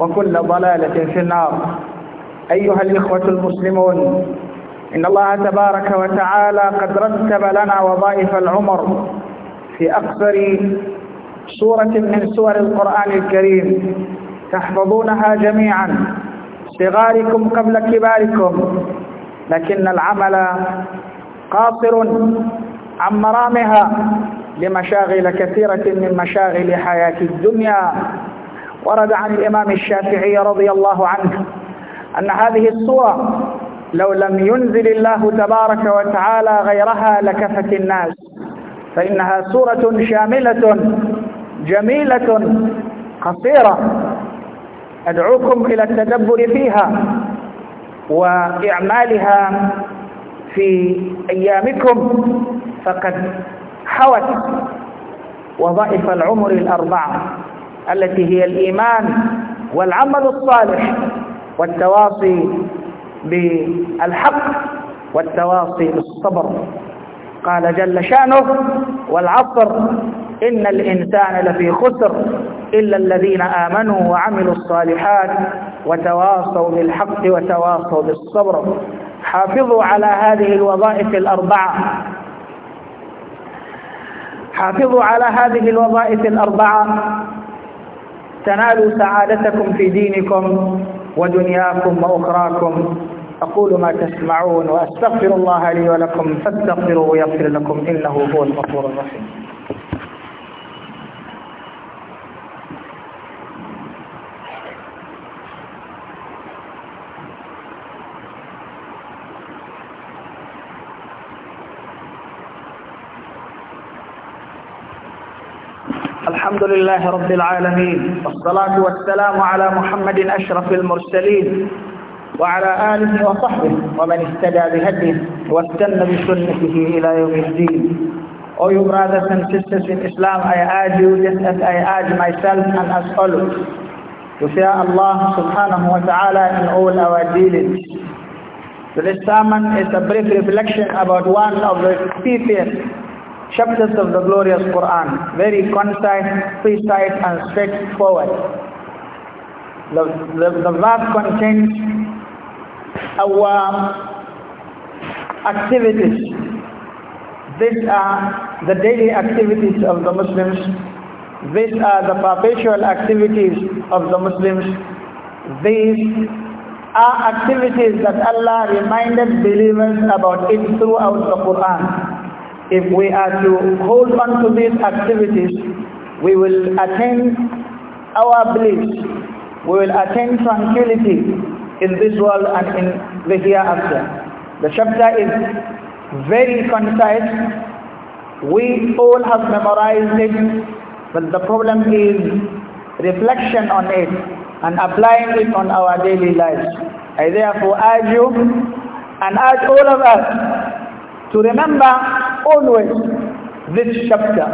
وكل ضلالة في النار أيها الإخوة المسلمون إن الله تبارك وتعالى قد رتب لنا وظائف العمر في أقصر سورة من سور القرآن الكريم تحفظونها جميعا صغاركم قبل كباركم لكن العمل قاصر عن مرامها لمشاغل كثيرة من مشاغل حياة الدنيا ورد عن الإمام الشافعي رضي الله عنه أن هذه الصورة لو لم ينزل الله تبارك وتعالى غيرها لكفت الناس فإنها صورة شاملة جميلة قصيرة أدعوكم إلى التدبر فيها وإعمالها في أيامكم فقد حوت وضعف العمر الأربعة التي هي الإيمان والعمل الصالح والتواصي بالحق والتواصي بالصبر قال جل شأنه والعصر إن الإنسان لفي خسر إلا الذين آمنوا وعملوا الصالحات وتواصوا بالحق وتواصوا بالصبر حافظوا على هذه الوظائف الأربعة حافظوا على هذه الوظائف الأربعة تنالوا سعادتكم في دينكم ودنياكم وأخراكم أقول ما تسمعون وأستغفر الله لي ولكم فاستغفروه يغفر لكم إنه هو الغفور الرحيم الحمد لله رب العالمين والصلاة والسلام على محمد أشرف المرسلين وعلى آله وصحبه ومن استدى بهديه واستنى بسنته إلى يوم الدين O you brothers and sisters in Islam, I urge you just as I urge myself and as follows to fear Allah subhanahu wa ta'ala in all our dealings. So this sermon is a brief reflection about one of the key chapters of the glorious Quran, very concise, precise and straightforward. The, the, the verse contains our activities. These are the daily activities of the Muslims. These are the perpetual activities of the Muslims. These are activities that Allah reminded believers about it throughout the Quran if we are to hold on to these activities, we will attain our bliss, we will attain tranquility in this world and in the hereafter. The chapter is very concise. We all have memorized it, but the problem is reflection on it and applying it on our daily lives. I therefore urge you and urge all of us to remember always this chapter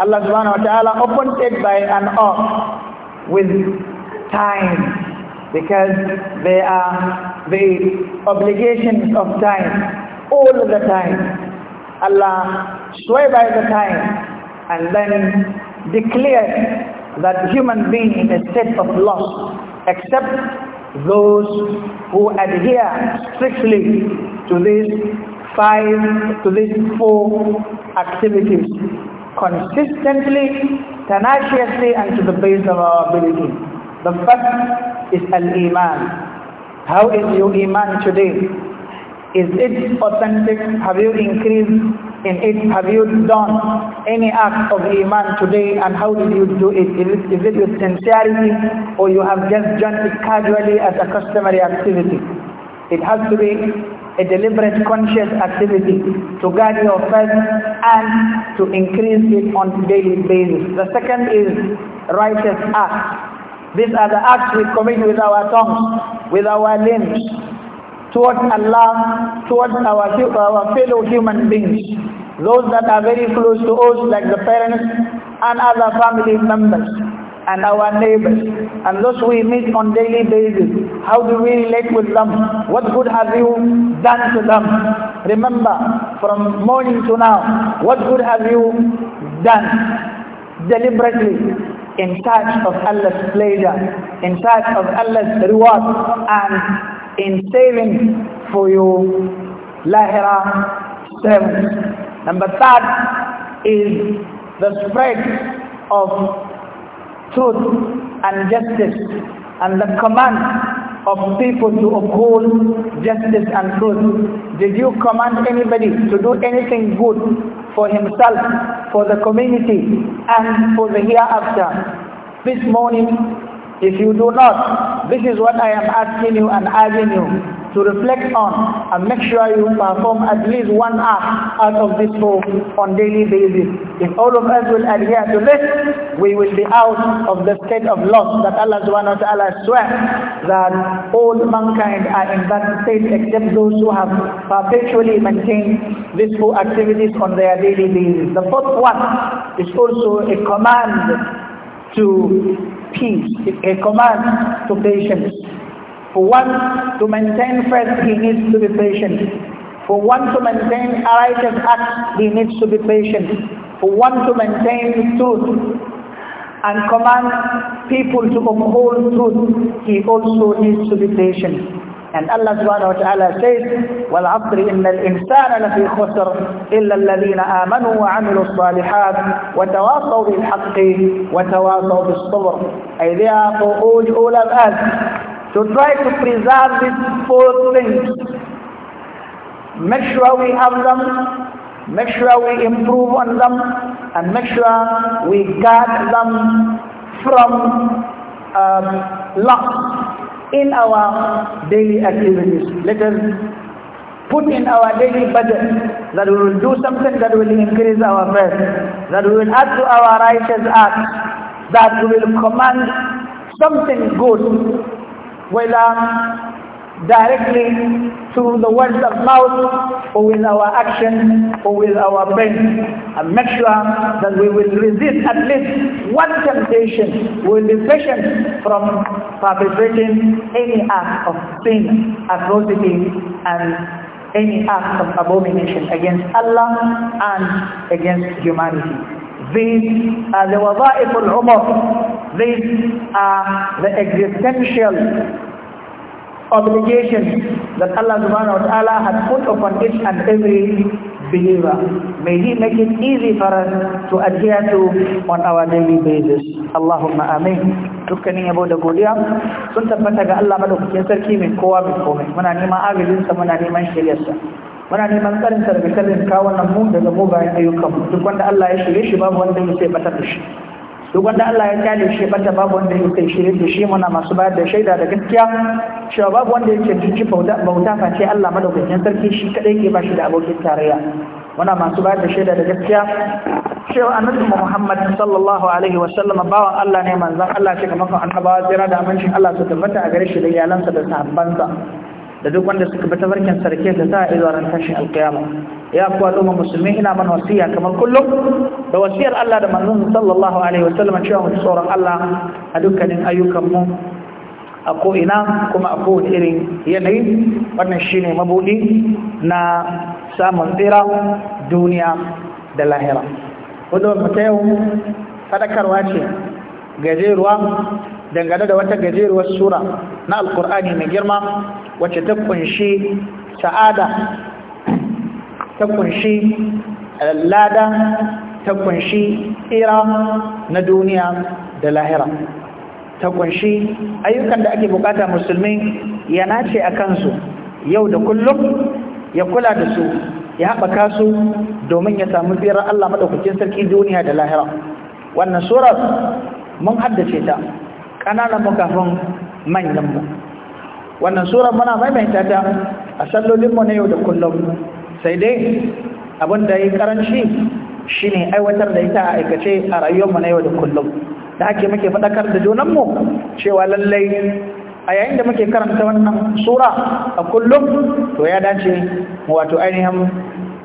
Allah subhanahu wa ta'ala opens it by and off with time because they are the obligations of time all the time Allah swear by the time and then declares that human being in a state of loss except those who adhere strictly to this five to these four activities consistently, tenaciously and to the best of our ability. The first is Al-Iman. How is your Iman today? Is it authentic? Have you increased in it? Have you done any act of Iman today and how did you do it? Is it, is it with sincerity or you have just done it casually as a customary activity? It has to be a deliberate conscious activity to guard your faith and to increase it on daily basis. The second is righteous acts. These are the acts we commit with our tongues, with our limbs, towards Allah, towards our, our fellow human beings, those that are very close to us like the parents and other family members and our neighbors and those we meet on daily basis. How do we relate with them? What good have you done to them? Remember, from morning to now, what good have you done deliberately in search of Allah's pleasure, in search of Allah's reward and in saving for your lahira service. Number third is the spread of truth and justice and the command of people to uphold justice and truth. Did you command anybody to do anything good for himself, for the community and for the hereafter? This morning, if you do not, this is what I am asking you and urging you to reflect on and make sure you perform at least one act out of this four on daily basis. If all of us will adhere to this, we will be out of the state of loss that Allah subhanahu wa ta'ala swears that all mankind are in that state except those who have perpetually maintained these four activities on their daily basis. The fourth one is also a command to peace, a command to patience. For one to maintain faith, he needs to be patient. For one to maintain a righteous act, he needs to be patient. For one to maintain truth and command people to uphold truth, he also needs to be patient. And Allah subhanahu wa ta'ala says, وَالْعَصْرِ إِنَّ الْإِنسَانَ لَفِي خُسْرٍ إِلَّا الَّذِينَ آمَنُوا وَعَمِلُوا الصَّالِحَاتِ وَتَوَاصَوْا بِالْحَقِّ وَتَوَاصَوْا بِالصَّبْرِ I therefore urge all of us so try to preserve these four things. Make sure we have them, make sure we improve on them, and make sure we guard them from um, loss in our daily activities. Let us put in our daily budget that we will do something that will increase our faith, that we will add to our righteous acts, that we will command something good whether directly through the words of mouth or with our action or with our brain and make sure that we will resist at least one temptation we will be patient from perpetrating any act of sin, atrocity and any act of abomination against Allah and against humanity. These are uh, the wada'if al-umar. These are uh, the existential obligations that Allah subhanahu wa ta'ala has put upon each and every believer. May He make it easy for us to adhere to on our daily basis. Allahumma amin. Dukkanin yabo da godiya sun tabbata ga Allah madaukakin sarki mai kowa mai komai. Muna neman agajinsa muna neman shiryarsa. muna neman tsarin sa daga sharrin mu daga mugayen ayyukan duk wanda Allah ya shirye shi babu wanda ya sai batar da shi duk wanda Allah ya kyale shi bata babu wanda ya kai shirye da shi muna masu bayar da shaida da gaskiya cewa babu wanda yake cikin bauta face Allah madaukakin sarki shi kadai ke bashi da abokin tarayya muna masu bayar da shaida da gaskiya cewa annabi Muhammad sallallahu alaihi wa sallam bawan Allah ne manzon Allah shi kamar annabawa tsira da amincin Allah su tabbata a gare shi da iyalansa da sahabbansa da duk wanda suka bi barkin sarki ta sa izuwa ran tashin alkiyama ya kuwa mu musulmi ina mana wasiya kamar kullum da wasiyar Allah da manzon sallallahu alaihi wasallam cewa mu tsoron Allah a dukkanin ayyukan mu a ko ina kuma a ko irin yanayi wannan shine mabudi na samun tsira duniya da lahira wadda mu ta yau fadakarwa ce gajeruwa dangane da wata gajeruwar sura na alkur'ani mai girma wacce ta kunshi sa'ada ta kunshi lada ta kunshi tsira na duniya da lahira ta kunshi ayyukan da ake bukata musulmi ya nace a kansu yau da kullum ya kula da su ya haɓaka su domin ya samu tsirar Allah maɗaukakin sarki duniya da lahira wannan surar mun haddace ta ƙananan mu kafin manyanmu wannan sura muna maimaita ta a mu na yau da kullum sai dai abin da ya karanci shine aiwatar da ita a aikace a rayuwar mu na yau da kullum da ake muke faɗakar da junanmu cewa lallai a yayin da muke karanta wannan sura a kullum to ya dace mu wato ainihin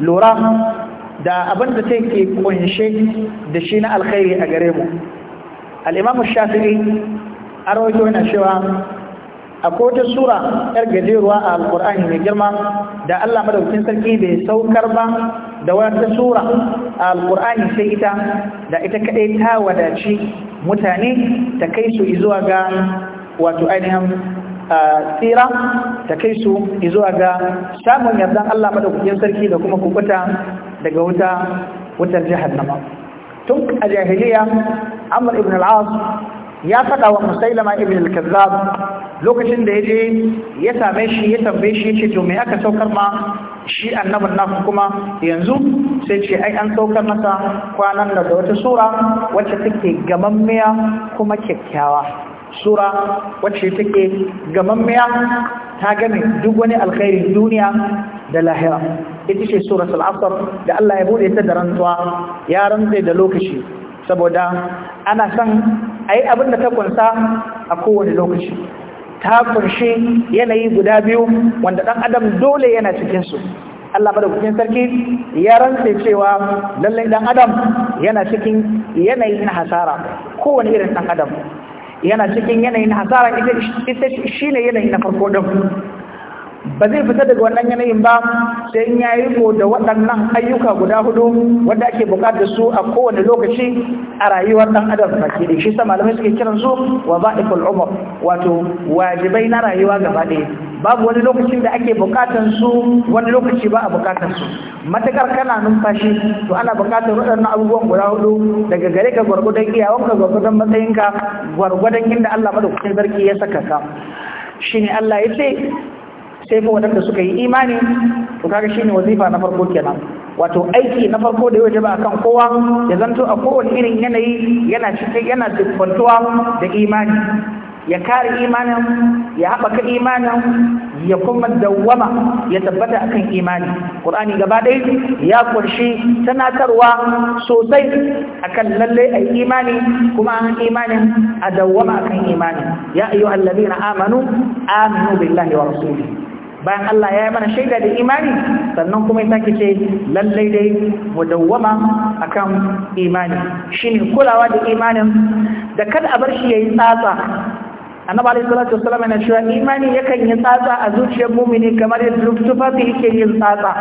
lura da abin da take kunshe da shi na alkhairi a gare mu al-imam shafi'i a rawaito yana cewa akwai wata sura yar gajeruwa a alkur'ani mai girma da Allah madaukakin sarki bai saukar ba da wata sura a alkur'ani sai ita da ita kaɗai ta wadaci mutane ta kai su zuwa ga wato ainihin tsira ta kai su zuwa ga samun yardan Allah madaukin sarki da kuma kukuta daga wuta wutar jahannama tun a jahiliya amur ibn al'as ya faɗa wa musailama ibn al-kazzab lokacin da yaje ya same shi ya tambaye shi yace to me aka saukar ma shi annabin nan kuma yanzu sai ce ai an saukar masa kwanan da wata sura wacce take gamammiya kuma kyakkyawa sura wacce take gamammiya ta game duk wani alkhairi duniya da lahira ita ce suratul asr da Allah ya bude ta da rantsuwa ya rantsa da lokaci saboda ana san a yi abin da ta kunsa a kowane lokaci ta kunshi yanayi guda biyu wanda ɗan adam dole yana cikinsu Allah madaukakin sarki ya rantse cewa lallai ɗan adam yana cikin yanayi na hasara kowane irin ɗan adam yana cikin yanayi na hasara ita shi ne yanayi na farko ɗin ba zai fita daga wannan yanayin ba sai in ya yi ko da waɗannan ayyuka guda hudu wanda ake buƙatar su a kowane lokaci a rayuwar ɗan adam baki da shi sa malamai suke kiran su wa za'iful umar wato wajibai na rayuwa gaba ɗaya babu wani lokacin da ake buƙatar su wani lokaci ba a buƙatar su matakar kana numfashi to ana buƙatar waɗannan abubuwan guda hudu daga gare ka gwargwadon iyawanka gwargwadon matsayinka gwargwadon inda Allah madaukakin sarki ya saka ka shine Allah ya ce sai fa waɗanda suka yi imani to kaga shine wazifa na farko kenan wato aiki na farko da ya ba akan kowa ya zanto a kowane irin yanayi yana cikin yana da imani ya kare imanin ya haɓaka imanin ya kuma dawwama ya tabbata akan imani ƙur'ani gaba ɗaya ya ƙunshi tanatarwa sosai akan lalle a imani kuma an imanin a dawwama akan imani ya ayyuhallazina amanu aminu billahi wa rasuli bayan Allah ya yi mana shaida da imani sannan kuma ya sake ce lallai dai mu akan imani ne kulawa da imanin da kada a bar shi ya yi tsatsa annabi alayhi salatu wassalam na cewa imani yakan yi tsatsa a zuciyar mumini kamar yadda tufafi yake yin tsatsa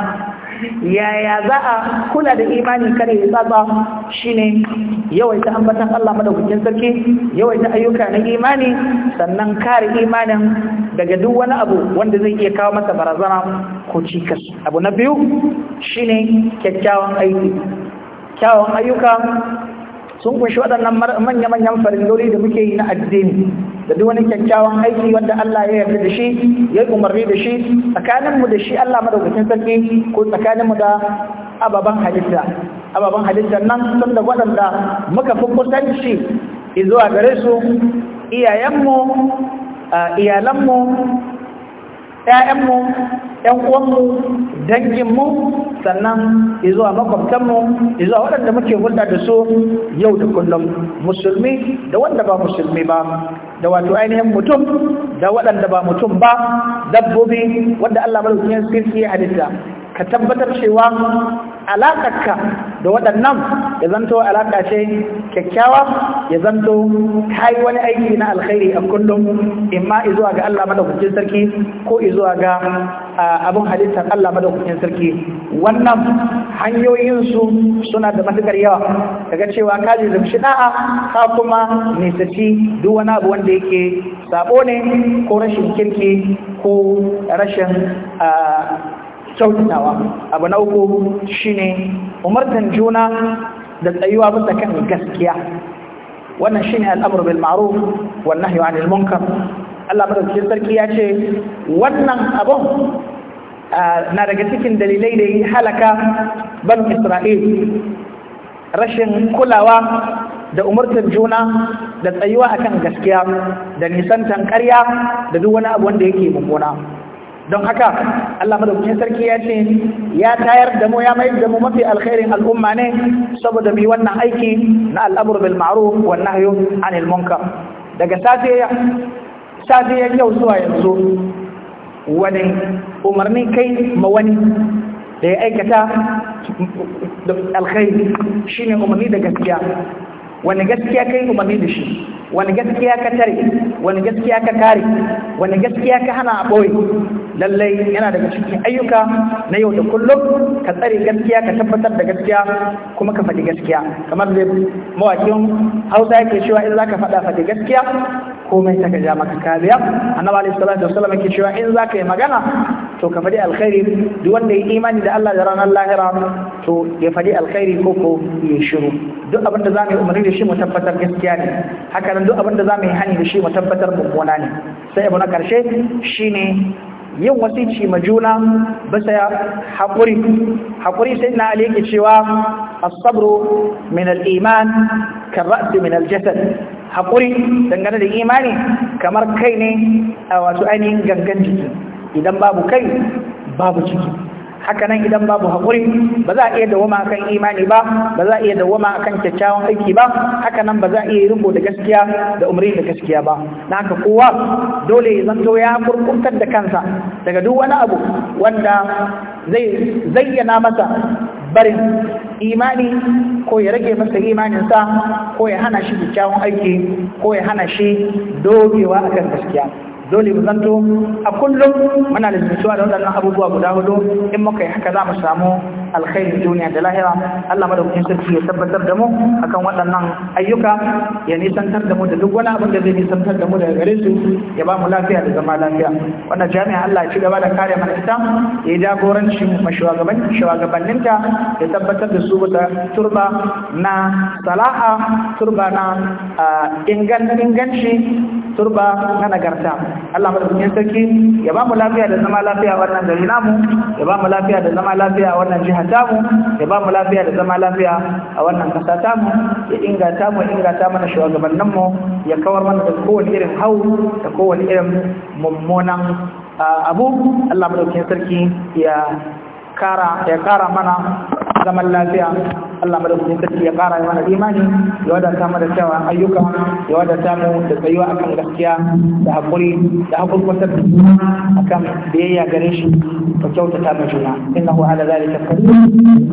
yaya za a kula da imani kada ya tsatsa shine yawaita ambatan Allah madaukakin sarki yawaita ayyuka na imani sannan kare imanin daga duk wani abu wanda zai iya kawo masa barazana ko cikas abu na biyu shine kyakkyawan aiki kyawun ayyuka sun kunshi waɗannan manya-manyan farilloli da muke yi na addini da duk wani kyakkyawan aiki wanda Allah ya yarda da shi ya umarni da shi tsakaninmu da shi Allah madaukakin sarki ko tsakaninmu da ababen halitta ababen halitta nan sun da waɗanda muka fi kusanci izuwa gare su iyayenmu iyalanmu ‘ya'yanmu ‘yan'uwanmu danginmu sannan izuwa makwabtanmu izuwa waɗanda muke hulɗa da su yau da kullum musulmi da wanda ba musulmi ba da wato ainihin mutum da waɗanda ba mutum ba dabbobi wanda Allah malukiyar sirki ya halitta ka tabbatar cewa alaƙarka da waɗannan ya zanto alaƙa ce kyakkyawa ya zanto ka yi wani aiki na alkhairi a kullum in ma izuwa ga Allah madaukakin sarki ko izuwa ga abin halittar Allah madaukakin sarki wannan hanyoyinsu suna da matukar yawa daga cewa kaji ji shi da'a ka kuma nisaci duk wani abu wanda yake sabo ne ko rashin kirki ko rashin kyautatawa abu na uku shine umartan juna da tsayuwa bisa kan gaskiya wannan shine Al'amur bil ma'ruf wan nahyu 'anil munkar Allah madaukakin sarki ya ce wannan abun na daga cikin dalilai da ya halaka ban Isra'il rashin kulawa da umartan juna da tsayuwa akan gaskiya da nisantan karya da duk wani abu wanda yake mummuna don haka Allah madaukakin sarki ya ce ya tayar da mu ya mayar da mu mafi alkhairin al'umma ne saboda bi wannan aiki na al'amr bil ma'ruf wan nahy anil munkar daga safe ya yau zuwa yanzu wani umarni kai ma wani da ya aikata da alkhairi shine umarni da gaskiya wani gaskiya kai umarni da shi wani gaskiya ka tare wani gaskiya ka kare wani gaskiya ka hana a ɓoye lallai yana daga cikin ayyuka na yau da kullum ka tsare gaskiya ka tabbatar da gaskiya kuma ka faɗi gaskiya kamar da mawakin hausa yake cewa in za ka faɗa faɗi gaskiya komai ta ja maka kariya annabi alaihi salatu wasallam yake cewa in za ka yi magana to ka faɗi alkhairi duk wanda ya imani da Allah da ranar lahira to ya faɗi alkhairi ko ko ya shiru duk abin da za mu yi umarni da shi mu tabbatar gaskiya ne haka nan duk abin da za mu yi hani da shi mu tabbatar mummuna ne sai abu na shi shine yin wasici ma juna bisa ya haƙuri haƙuri sai na aliki cewa asabru min al-iman kan ra'adu min al-jasad haƙuri dangane da imani kamar kai ne a wato ainihin gangan jiki idan babu kai babu ciki haka nan idan babu hakuri ba za a iya dawama akan imani ba ba za a iya dawama akan kyakkyawan aiki ba haka nan ba za a iya riko da gaskiya da umri da gaskiya ba na haka kowa dole ya zanto ya kurkuntar da kansa daga duk wani abu wanda zai zayyana masa barin imani ko ya rage masa imaninsa ko ya hana shi kyakkyawan aiki ko ya hana shi dogewa akan gaskiya dole mu zanto a kullum muna da zuciya da waɗannan abubuwa guda hudu in muka yi haka za mu samu alkhairin duniya da lahira Allah madaukakin sarki ya tabbatar da mu akan waɗannan ayyuka ya nisantar da mu da duk wani abin da zai nisantar da mu daga gare su ya ba mu lafiya da zama lafiya wannan jami'a Allah ya ci gaba da kare mana ita ya jagoranci mu shugaban shugabanninta ya tabbatar da su da turba na sala'a turba na ah, inganci turba na nagarta Allah madaukakin sarki ya ba mu lafiya da zama lafiya wannan gari namu ya ba mu lafiya da zama lafiya a wannan jiha tamu ya ba mu lafiya da zama lafiya a wannan kasa tamu ya inganta mu inganta mana shugabannin mu ya kawar mana da kowane irin hau da kowane irin mummunan ah, abu Allah madaukakin sarki ya kara ya kara mana zaman lafiya Allah madaukakin sarki ya kara mana imani ya wadata mana cewa ayyuka ya wadata mu da tsayuwa akan gaskiya da hakuri da hakurkutar da juna akan biyayya gare shi da kyautata ma juna innahu ala zalika qadir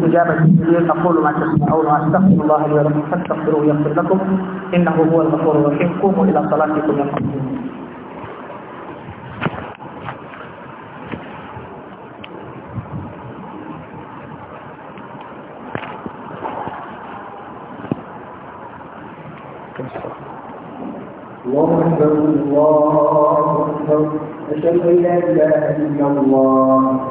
ijaba ya aqulu ma wa astaghfirullah li wa lakum fastaghfiruhu yaghfir lakum innahu huwal ghafurur rahim qumu ila salatikum ya الله أكبر الله أكبر أشهد أن لا إله إلا الله